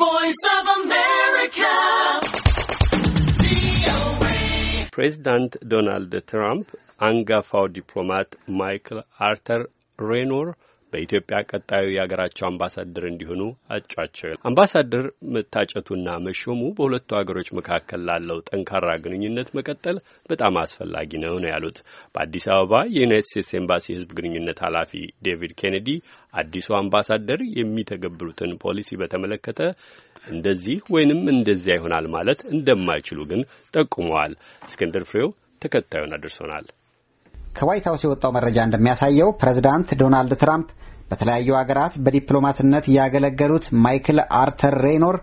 voice of America. ፕሬዚዳንት ዶናልድ ትራምፕ አንጋፋው ዲፕሎማት ማይክል አርተር ሬኖር በኢትዮጵያ ቀጣዩ የሀገራቸው አምባሳደር እንዲሆኑ አጫቸው። አምባሳደር መታጨቱና መሾሙ በሁለቱ ሀገሮች መካከል ላለው ጠንካራ ግንኙነት መቀጠል በጣም አስፈላጊ ነው ነው ያሉት በአዲስ አበባ የዩናይት ስቴትስ ኤምባሲ የህዝብ ግንኙነት ኃላፊ ዴቪድ ኬኔዲ አዲሱ አምባሳደር የሚተገብሩትን ፖሊሲ በተመለከተ እንደዚህ ወይንም እንደዚያ ይሆናል ማለት እንደማይችሉ ግን ጠቁመዋል። እስክንድር ፍሬው ተከታዩን አድርሶናል። ከዋይት ሀውስ የወጣው መረጃ እንደሚያሳየው ፕሬዝዳንት ዶናልድ ትራምፕ በተለያዩ ሀገራት በዲፕሎማትነት ያገለገሉት ማይክል አርተር ሬይኖር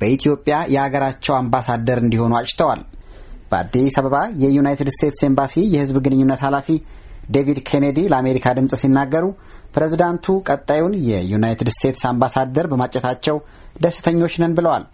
በኢትዮጵያ የሀገራቸው አምባሳደር እንዲሆኑ አጭተዋል። በአዲስ አበባ የዩናይትድ ስቴትስ ኤምባሲ የሕዝብ ግንኙነት ኃላፊ ዴቪድ ኬኔዲ ለአሜሪካ ድምፅ ሲናገሩ ፕሬዝዳንቱ ቀጣዩን የዩናይትድ ስቴትስ አምባሳደር በማጨታቸው ደስተኞች ነን ብለዋል።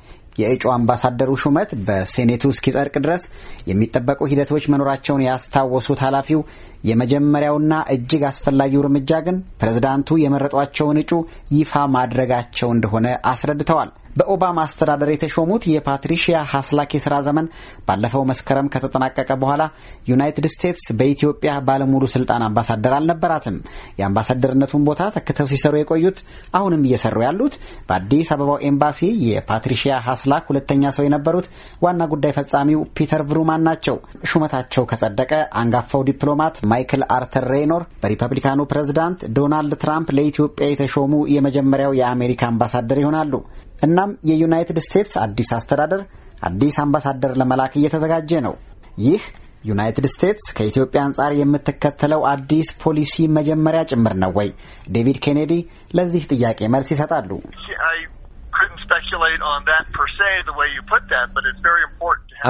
የእጩ አምባሳደሩ ሹመት በሴኔቱ እስኪጸድቅ ድረስ የሚጠበቁ ሂደቶች መኖራቸውን ያስታወሱት ኃላፊው የመጀመሪያውና እጅግ አስፈላጊው እርምጃ ግን ፕሬዝዳንቱ የመረጧቸውን እጩ ይፋ ማድረጋቸው እንደሆነ አስረድተዋል። በኦባማ አስተዳደር የተሾሙት የፓትሪሺያ ሀስላክ የስራ ዘመን ባለፈው መስከረም ከተጠናቀቀ በኋላ ዩናይትድ ስቴትስ በኢትዮጵያ ባለሙሉ ስልጣን አምባሳደር አልነበራትም። የአምባሳደርነቱን ቦታ ተክተው ሲሰሩ የቆዩት አሁንም እየሰሩ ያሉት በአዲስ አበባው ኤምባሲ የፓትሪሺያ አስላክ ሁለተኛ ሰው የነበሩት ዋና ጉዳይ ፈጻሚው ፒተር ቭሩማን ናቸው። ሹመታቸው ከጸደቀ አንጋፋው ዲፕሎማት ማይክል አርተር ሬይኖር በሪፐብሊካኑ ፕሬዝዳንት ዶናልድ ትራምፕ ለኢትዮጵያ የተሾሙ የመጀመሪያው የአሜሪካ አምባሳደር ይሆናሉ። እናም የዩናይትድ ስቴትስ አዲስ አስተዳደር አዲስ አምባሳደር ለመላክ እየተዘጋጀ ነው። ይህ ዩናይትድ ስቴትስ ከኢትዮጵያ አንጻር የምትከተለው አዲስ ፖሊሲ መጀመሪያ ጭምር ነው ወይ? ዴቪድ ኬኔዲ ለዚህ ጥያቄ መልስ ይሰጣሉ።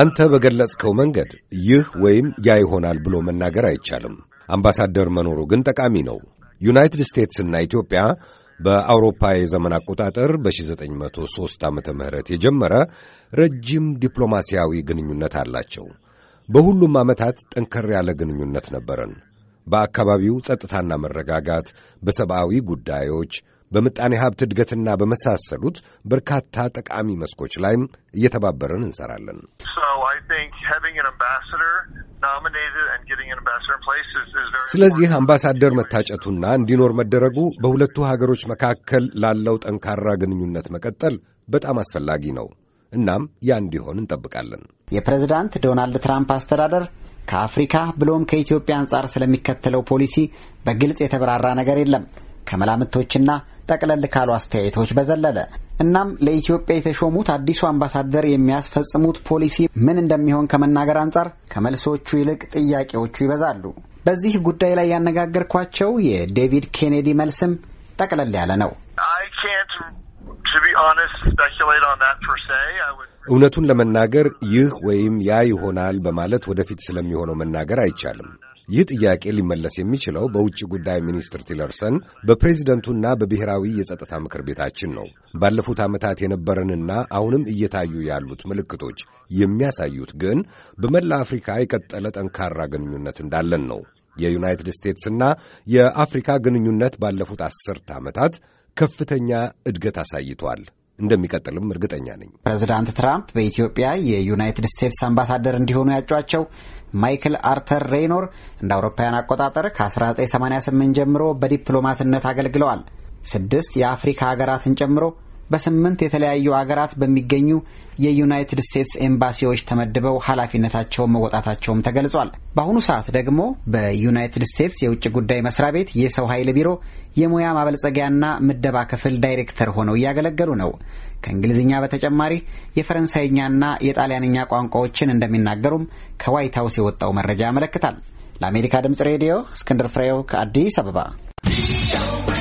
አንተ በገለጽከው መንገድ ይህ ወይም ያ ይሆናል ብሎ መናገር አይቻልም። አምባሳደር መኖሩ ግን ጠቃሚ ነው። ዩናይትድ ስቴትስና ኢትዮጵያ በአውሮፓ የዘመን አቆጣጠር በ1903 ዓ ምህረት የጀመረ ረጅም ዲፕሎማሲያዊ ግንኙነት አላቸው። በሁሉም ዓመታት ጠንከር ያለ ግንኙነት ነበረን። በአካባቢው ጸጥታና መረጋጋት፣ በሰብአዊ ጉዳዮች፣ በምጣኔ ሀብት እድገትና በመሳሰሉት በርካታ ጠቃሚ መስኮች ላይም እየተባበረን እንሰራለን። ስለዚህ አምባሳደር መታጨቱና እንዲኖር መደረጉ በሁለቱ ሀገሮች መካከል ላለው ጠንካራ ግንኙነት መቀጠል በጣም አስፈላጊ ነው። እናም ያ እንዲሆን እንጠብቃለን። የፕሬዝዳንት ዶናልድ ትራምፕ አስተዳደር ከአፍሪካ ብሎም ከኢትዮጵያ አንጻር ስለሚከተለው ፖሊሲ በግልጽ የተብራራ ነገር የለም። ከመላምቶችና ጠቅለል ካሉ አስተያየቶች በዘለለ እናም ለኢትዮጵያ የተሾሙት አዲሱ አምባሳደር የሚያስፈጽሙት ፖሊሲ ምን እንደሚሆን ከመናገር አንጻር ከመልሶቹ ይልቅ ጥያቄዎቹ ይበዛሉ። በዚህ ጉዳይ ላይ ያነጋገርኳቸው የዴቪድ ኬኔዲ መልስም ጠቅለል ያለ ነው። እውነቱን ለመናገር ይህ ወይም ያ ይሆናል በማለት ወደፊት ስለሚሆነው መናገር አይቻልም። ይህ ጥያቄ ሊመለስ የሚችለው በውጭ ጉዳይ ሚኒስትር ቲለርሰን በፕሬዚደንቱና በብሔራዊ የጸጥታ ምክር ቤታችን ነው። ባለፉት ዓመታት የነበረንና አሁንም እየታዩ ያሉት ምልክቶች የሚያሳዩት ግን በመላ አፍሪካ የቀጠለ ጠንካራ ግንኙነት እንዳለን ነው። የዩናይትድ ስቴትስና የአፍሪካ ግንኙነት ባለፉት አስርት ዓመታት ከፍተኛ እድገት አሳይቷል። እንደሚቀጥልም እርግጠኛ ነኝ። ፕሬዚዳንት ትራምፕ በኢትዮጵያ የዩናይትድ ስቴትስ አምባሳደር እንዲሆኑ ያጯቸው ማይክል አርተር ሬይኖር እንደ አውሮፓውያን አቆጣጠር ከ1988 ጀምሮ በዲፕሎማትነት አገልግለዋል። ስድስት የአፍሪካ ሀገራትን ጨምሮ በስምንት የተለያዩ አገራት በሚገኙ የዩናይትድ ስቴትስ ኤምባሲዎች ተመድበው ኃላፊነታቸውን መወጣታቸውም ተገልጿል። በአሁኑ ሰዓት ደግሞ በዩናይትድ ስቴትስ የውጭ ጉዳይ መስሪያ ቤት የሰው ኃይል ቢሮ የሙያ ማበልጸጊያና ምደባ ክፍል ዳይሬክተር ሆነው እያገለገሉ ነው። ከእንግሊዝኛ በተጨማሪ የፈረንሳይኛና የጣሊያንኛ ቋንቋዎችን እንደሚናገሩም ከዋይት ሀውስ የወጣው መረጃ ያመለክታል። ለአሜሪካ ድምጽ ሬዲዮ እስክንድር ፍሬው ከአዲስ አበባ